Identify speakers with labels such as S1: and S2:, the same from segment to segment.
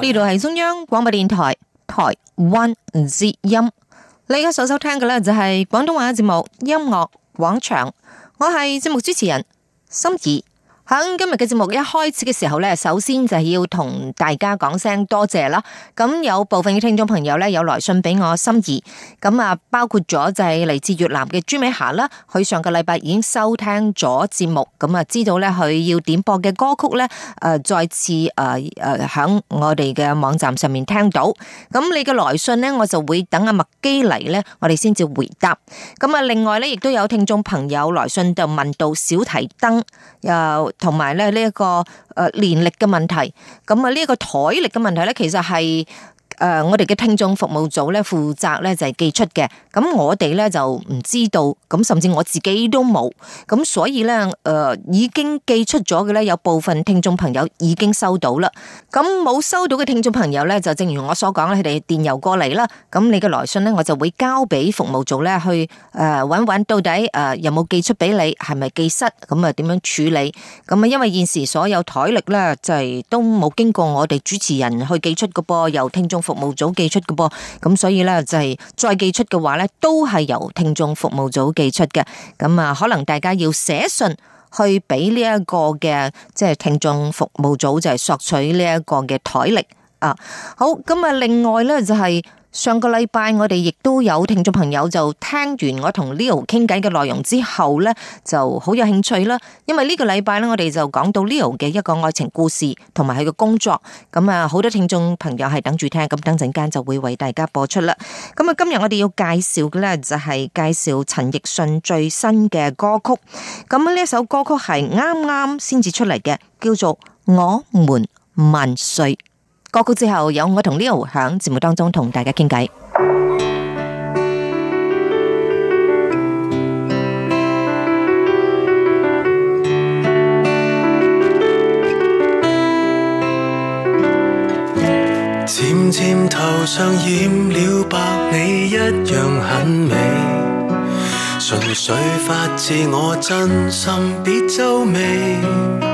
S1: 呢度係中央廣播電台台灣之音，你而家所收聽嘅咧就係廣東話節目《音樂廣場》，我係節目主持人心怡。喺今日嘅節目一開始嘅時候呢，首先就係要同大家講聲多謝啦。咁有部分嘅聽眾朋友呢，有來信俾我心儀，咁啊包括咗就係嚟自越南嘅朱美霞啦，佢上個禮拜已經收聽咗節目，咁啊知道呢，佢要點播嘅歌曲呢，誒再次誒誒響我哋嘅網站上面聽到。咁你嘅來信呢，我就會等阿麥基嚟呢，我哋先至回答。咁啊，另外呢，亦都有聽眾朋友來信就問到小提燈又。同埋咧呢一個誒年曆嘅問題，咁啊呢一個枱曆嘅問題咧，其實係。誒，uh, 我哋嘅聽眾服務組咧負責咧就係、是、寄出嘅，咁我哋咧就唔知道，咁甚至我自己都冇，咁所以咧誒、呃、已經寄出咗嘅咧，有部分聽眾朋友已經收到啦，咁冇收到嘅聽眾朋友咧就正如我所講啦，佢哋電郵過嚟，啦，咁你嘅來信咧我就會交俾服務組咧去誒搵搵到底誒、呃、有冇寄出俾你，係咪寄失，咁啊點樣處理？咁啊因為現時所有台曆咧就係、是、都冇經過我哋主持人去寄出嘅噃，由聽眾。服務組寄出嘅噃，咁所以咧就係、是、再寄出嘅話咧，都係由聽眾服務組寄出嘅。咁啊，可能大家要寫信去俾呢一個嘅，即、就、係、是、聽眾服務組，就係索取呢一個嘅台曆啊。好，咁啊，另外咧就係、是。上個禮拜我哋亦都有聽眾朋友就聽完我同 Leo 傾偈嘅內容之後呢，就好有興趣啦。因為呢個禮拜呢，我哋就講到 Leo 嘅一個愛情故事同埋佢嘅工作。咁啊，好多聽眾朋友係等住聽，咁等陣間就會為大家播出啦。咁啊，今日我哋要介紹嘅呢，就係介紹陳奕迅最新嘅歌曲。咁呢首歌曲係啱啱先至出嚟嘅，叫做《我們萬歲》。歌曲之後有我同 Leo 響節目當中同大家傾偈。
S2: 漸漸頭上染了白，你一樣很美。純粹發自我真心，別皺眉。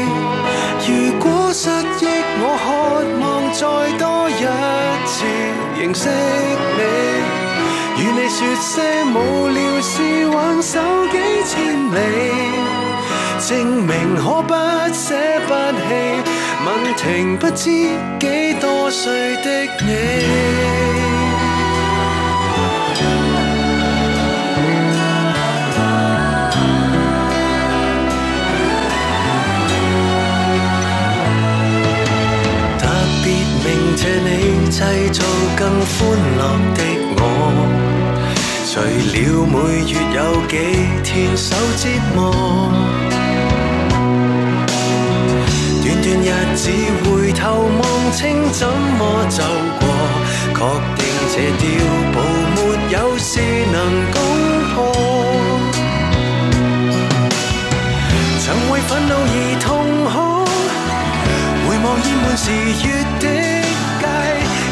S2: 再多一次認識你，與你説些無聊事，挽手幾千里，證明可不捨不棄，問停不知幾多歲的你。製造更歡樂的我，除了每月有幾天受折磨。段段日子回頭望清怎麼走過，確定這碉堡沒有事能攻破。曾為憤怒而痛哭，回望厭悶時。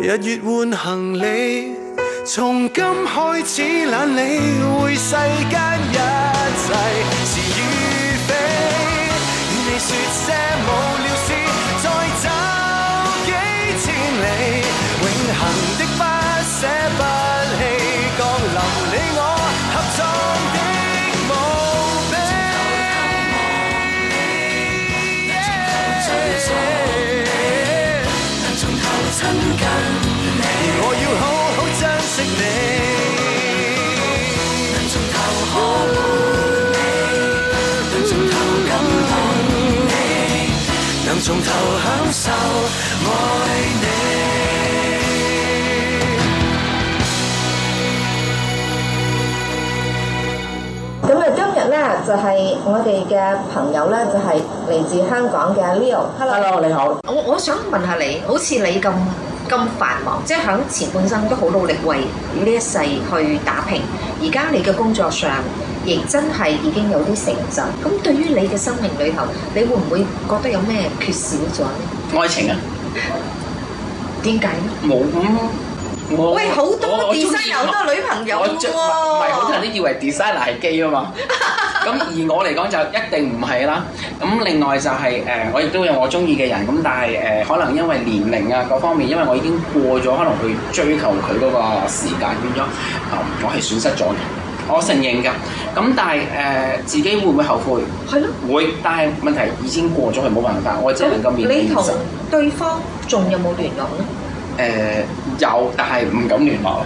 S2: 日月換行李，從今開始懶理會世間一切是與非，與你說些無。
S1: 從頭享受愛你。今日呢，就係、是、我哋嘅朋友呢就係、是、嚟自香港嘅 Leo。Hello，你好。我，我想問下你，好似你咁咁繁忙，即係響前半生都好努力為呢一世去打拼，而家你嘅工作上？亦真係已經有啲成就，咁對於你嘅生命裏頭，你會唔會覺得
S3: 有咩缺少咗呢？愛情啊？點解？冇咁，喂，好多 design 有好多女朋友喎、啊，唔係好多人都以為 designer 係 gay 啊嘛，咁 而我嚟講就一定唔係啦。咁另外就係、是、誒、呃，我亦都有我中意嘅人，咁但係誒、呃、可能因為年齡啊各方面，因為我已經過咗，可能去追求佢嗰個時間變咗，啊、呃、我係損失咗嘅。我承認㗎，咁但係誒、呃、自己會唔會後悔？係咯，會。但係問題已經過咗，佢冇辦法，我只能夠面對現實。你
S1: 同對方仲有冇聯絡
S3: 咧？誒、呃、有，但係唔敢聯絡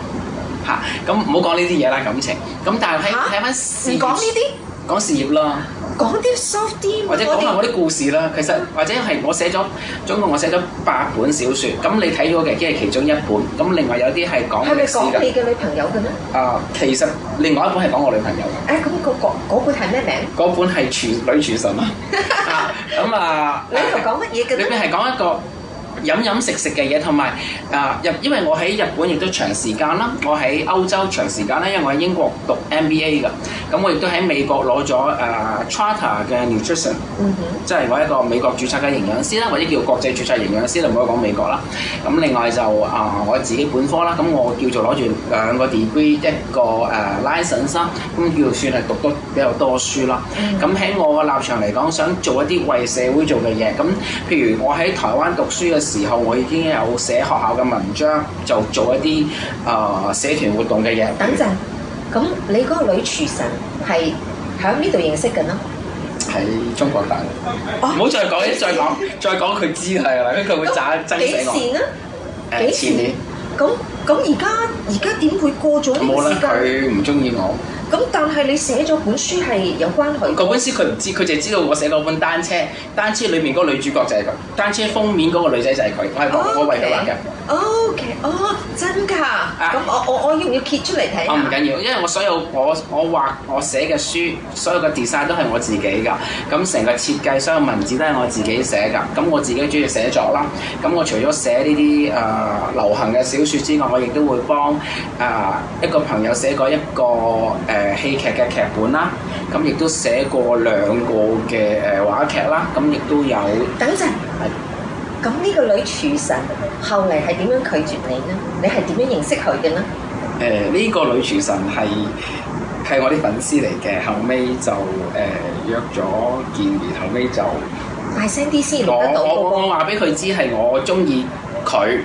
S3: 嚇。咁唔好講呢啲嘢啦，感情。咁但係喺睇翻事業，講呢啲講事業啦。
S1: 講啲 soft 啲，或者講下我啲
S3: 故事啦。嗯、其實或者係我寫咗總共我寫咗八本小説，咁你睇咗嘅即係其中一本，咁另外有啲係講,講你嘅女朋友嘅
S1: 咩？
S3: 啊，其實另外一本係講我女朋友。誒，咁個嗰本係咩名？嗰本係《處女廚神》啊！咁啊，裏面講乜嘢嘅？裏面係講一個。飲飲食食嘅嘢同埋啊日，因為我喺日本亦都長時間啦，我喺歐洲長時間啦，因為我喺英國讀 MBA 㗎，咁我亦都喺美國攞咗啊、呃、Charter 嘅 nutrition，嗯、哼即係我一個美國註冊嘅營養師啦，或者叫國際註冊營養師，就唔可以講美國啦。咁另外就啊、呃、我自己本科啦，咁我叫做攞住兩個 degree，一個誒、uh, license，咁叫算係讀得比較多書啦。咁喺、嗯、哼我個立場嚟講，想做一啲為社會做嘅嘢，咁譬如我喺台灣讀書嘅時候。時候我已經有寫學校嘅文章，就做一啲啊社團活動嘅嘢。等
S1: 陣，咁你嗰個女廚神係喺呢度認識嘅咯？
S3: 喺中國大陸。唔好、哦、再講，再講， 再講，佢知係啦，因為佢會爭爭死我。
S1: 幾啊？幾、呃、時前年？咁咁而家而家點會過咗？冇啦，佢
S3: 唔中意我。
S1: 咁但係你寫
S3: 咗本書係有關佢？嗰本書佢唔知，佢就係知道我寫嗰本單車，單車裏面嗰個女主角就係佢，單車封面嗰個女仔就係佢，我係我為佢畫嘅。
S1: OK，哦，真㗎？咁我我我要唔要揭出嚟睇？哦，唔緊要，因為我所
S3: 有我我畫我寫嘅書，所有嘅 design 都係我自己㗎。咁成個設計，所有文字都係我自己寫㗎。咁我自己中意寫作啦。咁我除咗寫呢啲誒流行嘅小説之外，我亦都會幫誒、呃、一個朋友寫過一個，呃呃一個誒戲劇嘅劇本啦，咁亦都寫過兩個嘅誒話劇啦，咁亦都有。等陣等，
S1: 咁呢是個女廚神後嚟係點樣拒絕你呢？你
S3: 係點樣認識佢嘅呢？誒、呃，呢、這個女廚神係係我啲粉絲嚟嘅，後尾就誒、呃、約咗見面，後尾就大聲啲先。我我我話俾佢知係我中意佢。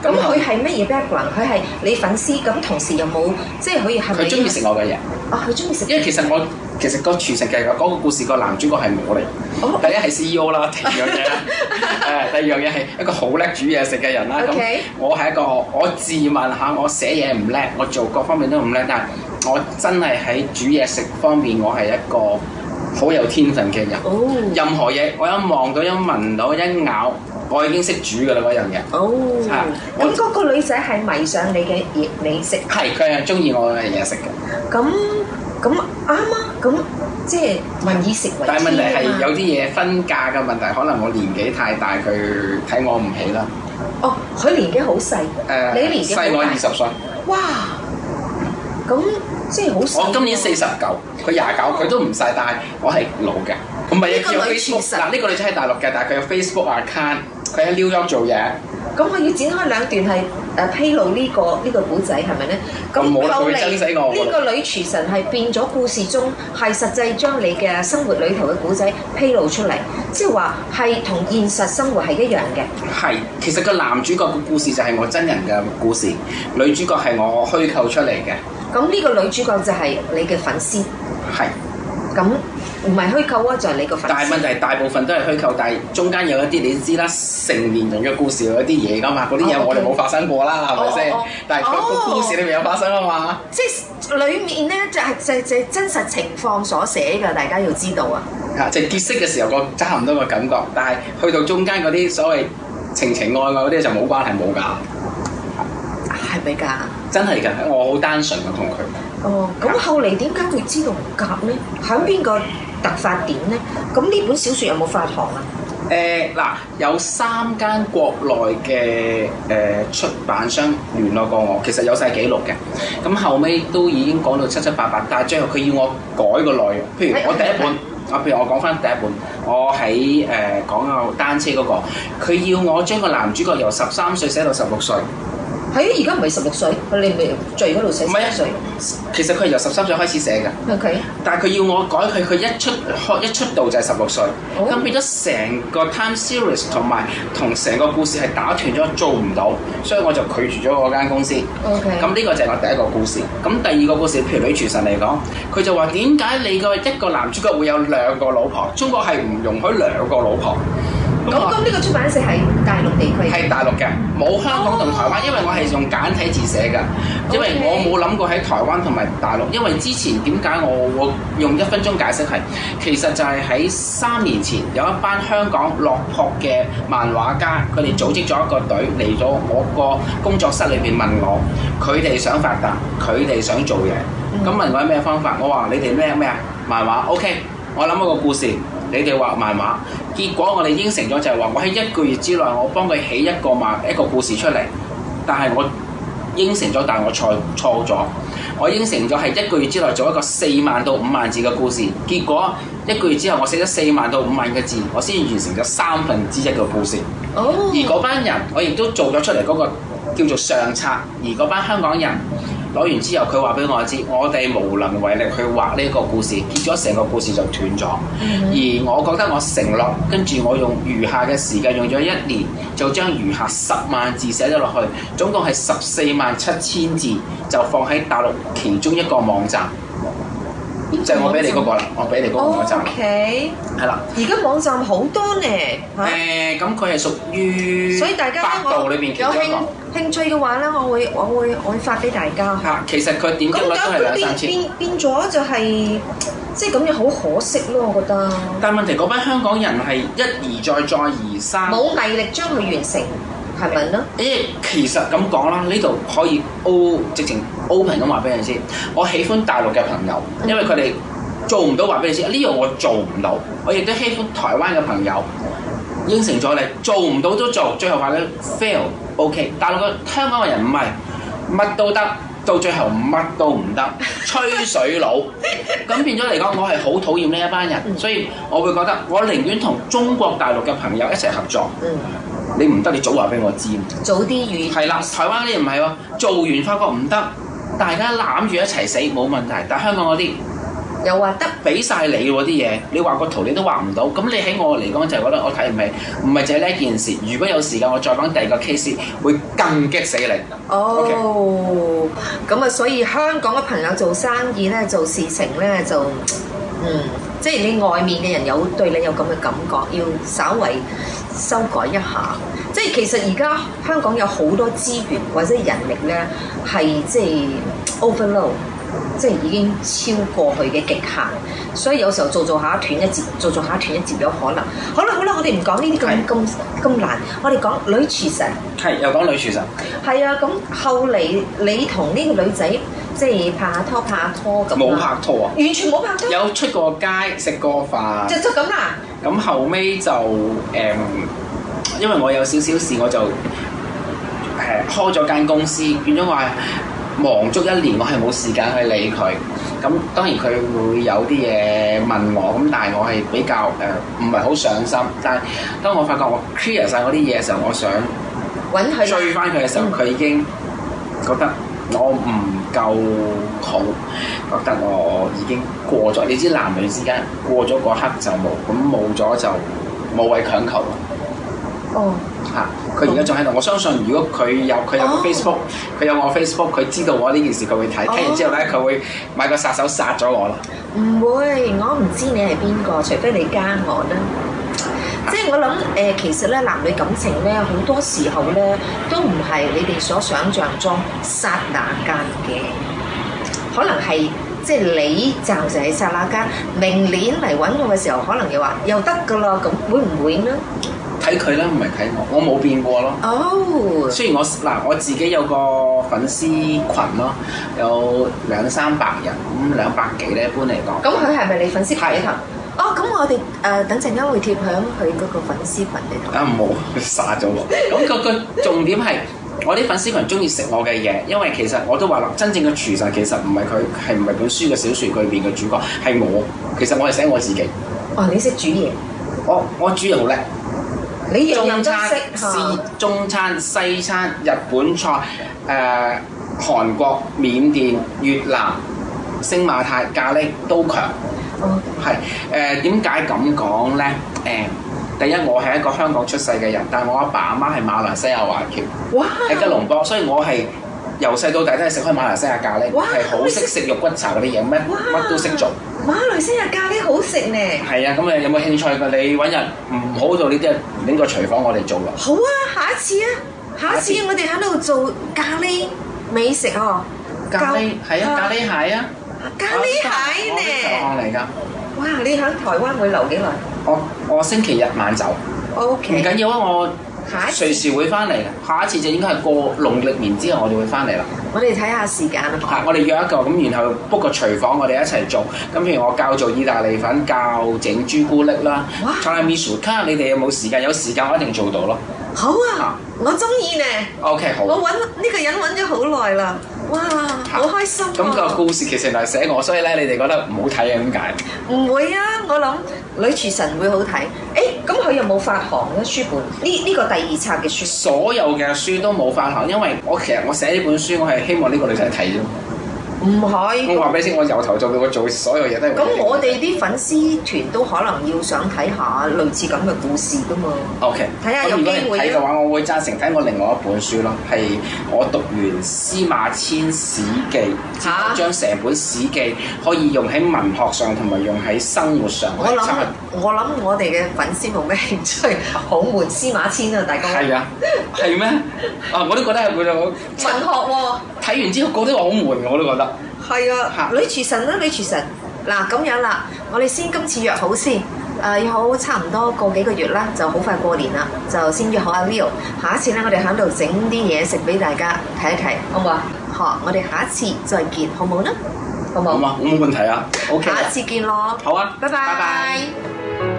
S3: 咁佢係乜嘢 background？佢係你粉絲，咁同時又冇，即係可以係咪？佢中意食我嘅嘢。啊！佢中意食，因為其實我其實個廚神計劃嗰個故事，那個男主角係我嚟。哦、第一係 C E O 啦，第二樣嘢，誒， 第二樣嘢係一個好叻煮嘢食嘅人啦。咁 Okay.、嗯、我係一個我自問吓，我寫嘢唔叻，我做各方面都唔叻，但係我真係喺煮嘢食方面，我係一個好有天分嘅人。哦、任何嘢我一望到一聞到一咬，我已經識煮㗎喇嗰樣嘢。那個，哦，咁嗰，啊、個女仔係迷上你嘅嘢，你食係佢係中意我嘅嘢食嘅。咁咁
S1: 啱啊！咁即係民以食為，但係問題係有啲嘢
S3: 婚嫁嘅問題，可能我年紀太大，佢睇我唔起啦。哦，佢年紀好細，呃、你年紀好大，細我二十歲。哇！咁即係好，我今年四十九，佢廿九，佢都唔細，但係我係老嘅。呢個女仔，嗱，呢個女仔喺大陸嘅，但係佢有 Facebook account，佢喺 New York 做嘢。
S1: 咁我要展開兩段係。誒，披露呢個呢個故仔係咪咧？咁來死嚟呢個女廚神係變咗故事中，係實際將你嘅生活裏頭嘅古仔披露出嚟，即係話係同現實生活係一樣嘅。
S3: 係，其實個男主角嘅故事就係我真人嘅故事，女主角係我虛構出嚟嘅。
S1: 咁呢個女主角就係你嘅粉絲。
S3: 係。咁唔係虛構啊，就係、是、你個大問題，大部分都係虛構，但係中間有一啲你知啦，成年人嘅故事有一啲嘢噶嘛，嗰啲嘢我哋冇發生過啦，係咪先？Oh, oh, oh. 但係嗰個故事裏面有發生啊嘛。
S1: 即係裏面咧就係就就真實情況所寫嘅，大家要知道啊。
S3: 即係結識嘅時候個差唔多個感覺，但係去到中間嗰啲所謂情情愛愛嗰啲就冇關係冇㗎，係咪㗎？
S1: 是是，
S3: 真係㗎，我好單純嘅同佢。
S1: 哦，咁後嚟點解會知道唔夾呢？喺邊個突發點呢？咁呢本小説有冇發行
S3: 啊？誒嗱、呃，有三間國內嘅誒、呃、出版商聯絡過我，其實有晒記錄嘅。咁後尾都已經講到七七八八，但最後佢要我改個內容，譬如我第一本啊，哎哎哎、譬如我講翻第一本，我喺誒、呃、講下單車嗰個，佢要我將個男主角由十三歲寫到十六歲。係啊，而家唔係十六歲，佢哋未在嗰度寫。唔係一歲，其實佢係由十三歲開始寫㗎。O K。但係佢要我改佢，佢一出開一出道就係十六歲，咁、oh. 變咗成個 time series 同埋同成個故事係打斷咗，做唔到，所以我就拒絕咗嗰間公司。O K。咁呢個就係我第一個故事。咁第二個故事《譬如女廚神》嚟講，佢就話點解你個一個男主角會有兩個老婆？中國係唔容許兩個老婆。咁呢個出版社係大陸地區？係大陸嘅，冇香港同台灣，因為我係用簡體字寫嘅，Okay. 因為我冇諗過喺台灣同埋大陸，因為之前點解我，我用一分鐘解釋係，其實就係喺三年前有一班香港落魄嘅漫畫家，佢哋組織咗一個隊嚟咗我個工作室裏邊問我，佢哋想發達，佢哋想做嘢，咁問我咩方法，我話你哋咩咩啊漫畫，OK，我諗一個故事。你哋畫漫畫，結果我哋應承咗就係話，我喺一個月之內，我幫佢起一個漫一個故事出嚟。但係我應承咗，但係我錯錯咗。我應承咗係一個月之內做一個四萬到五萬字嘅故事。結果一個月之後，我寫咗四萬到五萬個字，我先完成咗三分之一嘅故事。哦，oh. 而嗰班人，我亦都做咗出嚟嗰個叫做上冊，而嗰班香港人。改完之後，佢話俾我知，我哋無能為力去畫呢個故事，結果成個故事就斷咗。而我覺得我承諾，跟住我用餘下嘅時間，用咗一年，就將餘下十萬字寫咗落去，總共係十四萬七千字，就放喺大陸其中一個網站，嗯、就我俾你嗰、嗰個啦，站我俾你嗰個網站。O K，係啦。而
S1: 家網站好多呢，誒，
S3: 咁佢係屬於百度裏面其中一個？
S1: 興趣嘅話咧，我會我會我會發俾大家。嚇、嗯，
S3: 其實佢點擊率都係兩三千。咁點解佢
S1: 變變咗就係、係，即係咁樣好可惜咯，我覺得。
S3: 但係問題嗰班香港人係一而再，再而三，冇毅力將佢完成，係咪咯？誒，其實咁講啦，呢度可以 open 直情 open 咁話俾你知。我喜歡大陸嘅朋友，因為佢哋做唔到話俾你知，呢樣、嗯、我做唔到。我亦都喜歡台灣嘅朋友。應承咗你，做唔到都做，最後話你 fail，OK？、Okay、大陸個香港嘅人唔係，乜都得，到最後乜都唔得，吹水佬。咁變咗嚟講，我係好討厭呢一班人，嗯、所以我會覺得我寧願同中國大陸嘅朋友一齊合作。嗯、你唔得，你早話俾我知。早啲預。係啦，台灣啲人唔係喎，做完發覺唔得，大家攬住一齊死冇問題，但香港嗰啲。又話得俾晒你喎啲嘢，你畫個圖你都畫唔到，咁你喺我嚟講就係覺得我睇唔明。唔係淨係呢一件事。如果有時間，我再講第二個 case 會更激死你。
S1: 哦，咁啊，所以香港嘅朋友做生意咧，做事情咧就，嗯，即係你外面嘅人有對你有咁嘅感覺，要稍為修改一下。即係其實而家香港有好多資源或者人力咧，係即係 overload。即係已經超過佢嘅極限，所以有時候做做下斷一節，做做下斷一節有可能。好啦好啦，我哋唔講呢啲咁咁咁難，我哋講女廚神，係又講女廚神。係啊，咁後嚟你同呢個女仔即係拍下拖，拍下拖咁。冇拍拖啊！完全冇拍拖。
S3: 有出過街，食過飯。就咁啦，啊。咁後尾就誒、嗯，因為我有少少事，我就誒、呃、開咗間公司，變咗話。忙足一年，我係冇時間去理佢。咁當然佢會有啲嘢問我，咁但係我係比較誒，唔係好上心。但係當我發覺我 clear 晒嗰啲嘢嘅時候，我想追翻佢嘅時候，佢、嗯、已經覺得我唔夠好，覺得我已經過咗。你知男女之間過咗嗰刻就冇，咁冇咗就冇謂強求啦。哦。佢而家仲喺度，我相信如果佢有佢有 Facebook，佢、oh. 有我 Facebook，佢知道我呢件事，佢會睇，睇、oh. 完之後咧，佢會買個殺手殺咗我啦。
S2: 唔
S1: 會，我唔知你係邊個，除非你加我啦。即係我諗誒、呃，其實咧，男女感情咧，好多時候咧都唔係你哋所想象中剎那間嘅，可能係即係你暫時喺剎那間，明年嚟搵我嘅時候，可能又話又得㗎喇，咁會唔會呢？
S3: 睇佢啦，唔係睇我，我冇變過咯。哦，oh. 雖然我嗱我自己有個粉絲群咯，有兩三百人，咁兩百幾咧，一般嚟講。咁
S1: 佢係咪你粉絲群？係啊是。哦，咁我哋誒、呃、等陣
S3: 間會,會貼喺佢嗰個粉絲羣裏頭。啊冇，殺咗我！咁 個重點係，我啲粉絲群中意食我嘅嘢，因為其實我都話啦，真正嘅廚神其實唔係佢，係唔係本書嘅小説裏邊嘅主角，係我。其實我係寫我自己。哦，你識煮嘢？我我煮嘢好叻。中餐、中餐、西餐、日本菜、誒、呃、韓國、緬甸、越南、星馬泰、咖喱都強。哦、嗯，係誒，點解咁講咧？誒、呃，第一我係一個香港出世嘅人，但係我阿爸阿媽係馬來西亞華僑，喺哇吉隆坡，所以我係由細到大都係食開馬來西亞咖喱，係好識食肉骨茶嗰啲嘢咩？乜哇都識做。馬
S1: 來
S3: 西亞咖喱好食咧，係啊！咁你有冇興趣㗎？你揾日唔好做呢啲，拎個廚房我哋做咯。好
S1: 啊，下一次啊，下一次我哋喺度做咖喱美食哦、啊。咖喱，咖喱，係啊，咖喱蟹啊，啊咖喱蟹咧，嚟㗎。哇！你喺台灣
S2: 會留幾
S3: 耐？我我星期日晚走。O K，唔緊要啊，我。隨時會翻嚟，下一次就應該係過農曆年之後我就會翻嚟啦。我哋睇下時間啊。我哋約一個咁，然後 book 個廚房，我哋一齊做。咁譬如我教做意大利粉，教整朱古力啦。哇 Tiramisu 卡，下你哋有冇時間？有時間我一定做到咯。好啊，是
S1: 我中意呢。
S3: OK，好、啊。我揾
S1: 呢個人揾咗好耐啦。哇，好、啊、開心啊！咁個故
S3: 事其實就係寫我，所以咧你哋覺得唔好睇呀？點解？唔會啊！我諗女廚神會好睇。誒，咁佢又冇發行呢書本？呢呢、呢個第二冊嘅書，所有嘅書都冇發行，因為我其實我寫呢本書，我係希望呢個女仔睇啫。唔係，我話俾你先，我由頭做到我做所有嘢都係。
S1: 咁我哋啲粉絲團都可能要想睇下類似咁嘅故事噶嘛。
S3: OK，睇下有機會睇嘅話，該我會贊成睇我另外一本書咯，係我讀完《司馬遷史記》啊，將成本史記可以用喺文學上同埋用喺生活上我。我諗，我諗我哋嘅粉絲冇咩興趣， 好
S1: 悶。司馬遷啊，大家。係啊，係咩？ 啊，我都覺得係嗰種文學喎，哦。睇完
S3: 之後，覺得都好悶，我都覺得。
S1: 係啊，啊，女廚神啦，女廚神。嗱、啊、咁樣啦，我哋先今次約好先。誒、啊，又好差唔多過幾個個月啦，就好快過年啦，就先約好阿 Leo。下一次咧，我哋喺度整啲嘢食俾大家睇一睇，好唔嗎好啊嗎？好，我哋下一次再見，好唔好呢？好唔好嗎？好嘛，我冇問
S3: 題啊。O K。下一次見咯。好啊，拜拜 bye。拜拜。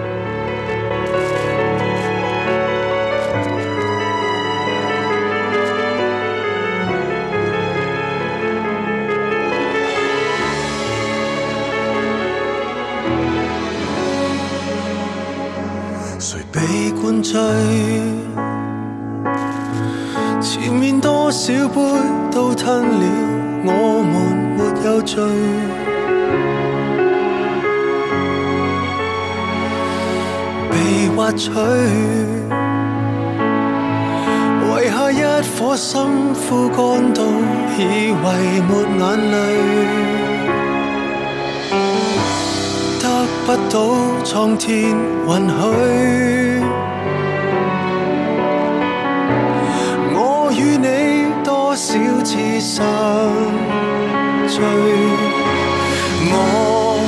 S2: 被灌醉，前面多少杯都吞了，我們沒有罪。被挖取，遺下一顆心，枯乾到以為沒眼淚。得到蒼天允許，我與你多少次相聚？我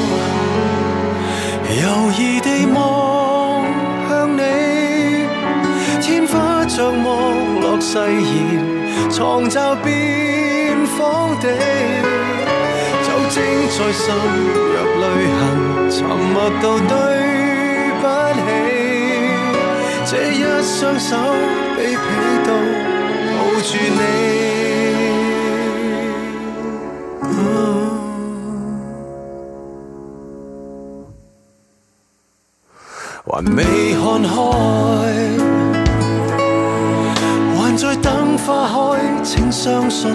S2: 猶疑地望向你，天花將剝落誓言，床驟變荒地。再深入淚痕，沉默到對不起，這一雙手卑鄙到抱住你，還未看開，還在等花開，請相信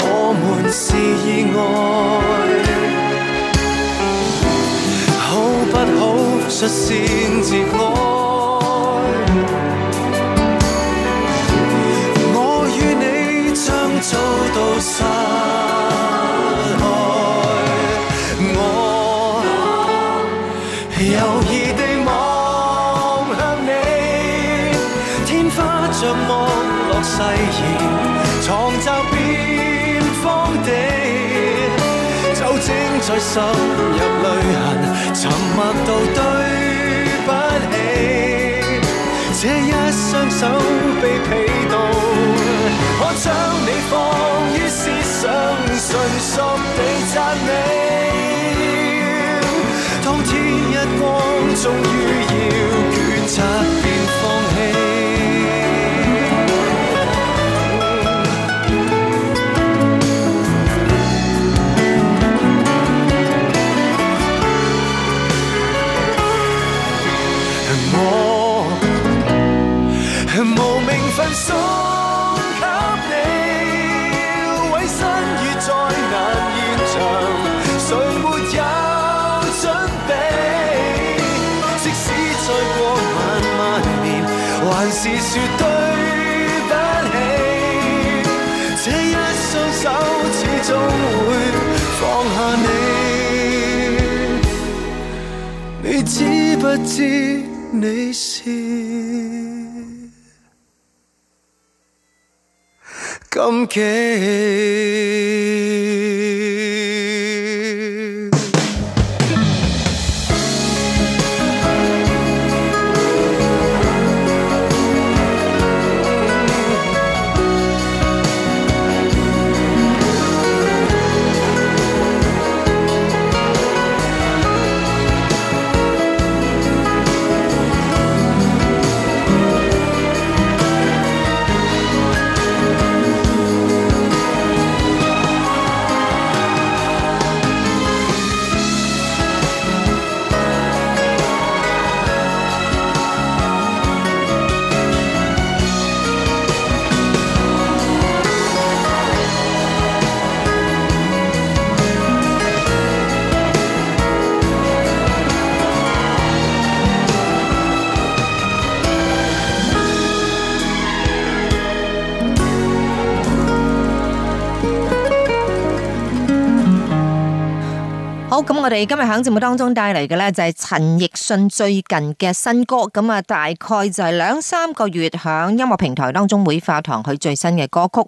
S2: 我們是意外。不好，率先自愛。我與你將早到失開，我猶疑地望向你，天花將剝落誓言，床褥變荒地，酒精再滲入淚痕。默道，對不起，這一雙手被劈到，我將你放於思想，純熟地讚美。當天日光終於。不知你是禁忌。
S1: 好，咁我哋今日喺節目當中帶嚟嘅呢，就係陳奕迅最近嘅新歌，咁啊大概就係兩三個月響音樂平台當中會發堂佢最新嘅歌曲。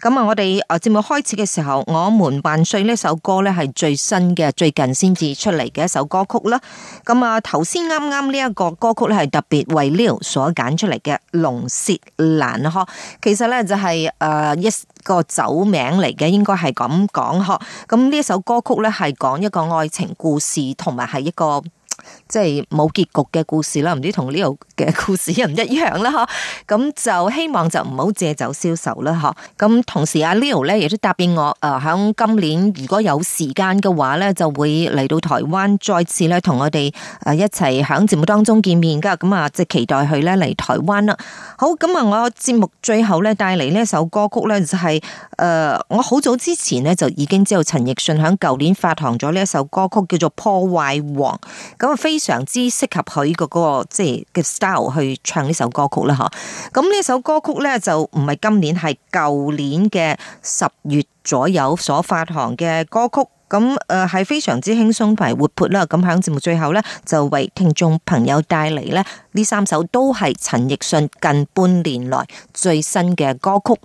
S1: 咁啊，我哋啊節目開始嘅時候，我們萬歲呢首歌呢，係最新嘅，最近先至出嚟嘅一首歌曲啦。咁啊，頭先啱啱呢一個歌曲呢，係特別為 Leo 所揀出嚟嘅龍舌蘭啊，其實呢、就是，就係誒一。個酒名嚟嘅，應該係咁講呵。咁呢呢首歌曲呢係講一個愛情故事，同埋係一個。即係冇結局嘅故事啦，唔知同 Leo 嘅故事唔一樣啦，吓、嗯、咁就希望就唔好借酒消愁啦，吓、嗯、咁同時阿 Leo 咧亦都答應我，誒、呃、響今年如果有時間嘅話咧，就會嚟到台灣再次咧同我哋誒一齊響節目當中見面，咁、嗯、啊即係期待佢咧嚟台灣啦。好咁啊、嗯，我節目最後咧帶嚟呢一首歌曲咧就係、是、誒、呃、我好早之前呢，就已經知道陳奕迅響舊年發行咗呢一首歌曲叫做《破壞王》咁。嗯嗯非常之適合佢個嗰個即係嘅 style 去唱呢首歌曲啦吓，咁呢首歌曲呢，就唔係今年，係舊年嘅十月左右所發行嘅歌曲，咁誒係非常之輕鬆同埋活潑啦。咁響節目最後呢，就為聽眾朋友帶嚟，呢呢三首都係陳奕迅近半年來最新嘅歌曲，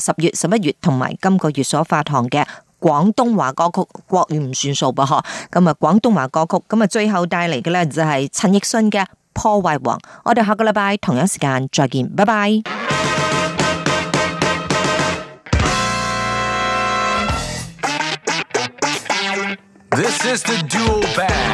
S1: 十月、十一月同埋今個月所發行嘅。廣東話歌曲國語唔算數噃嗬，咁啊廣東話歌曲，咁啊最後帶嚟嘅咧就係陳奕迅嘅破壞王，我哋下個禮拜同樣時間再見，拜拜。
S2: This is the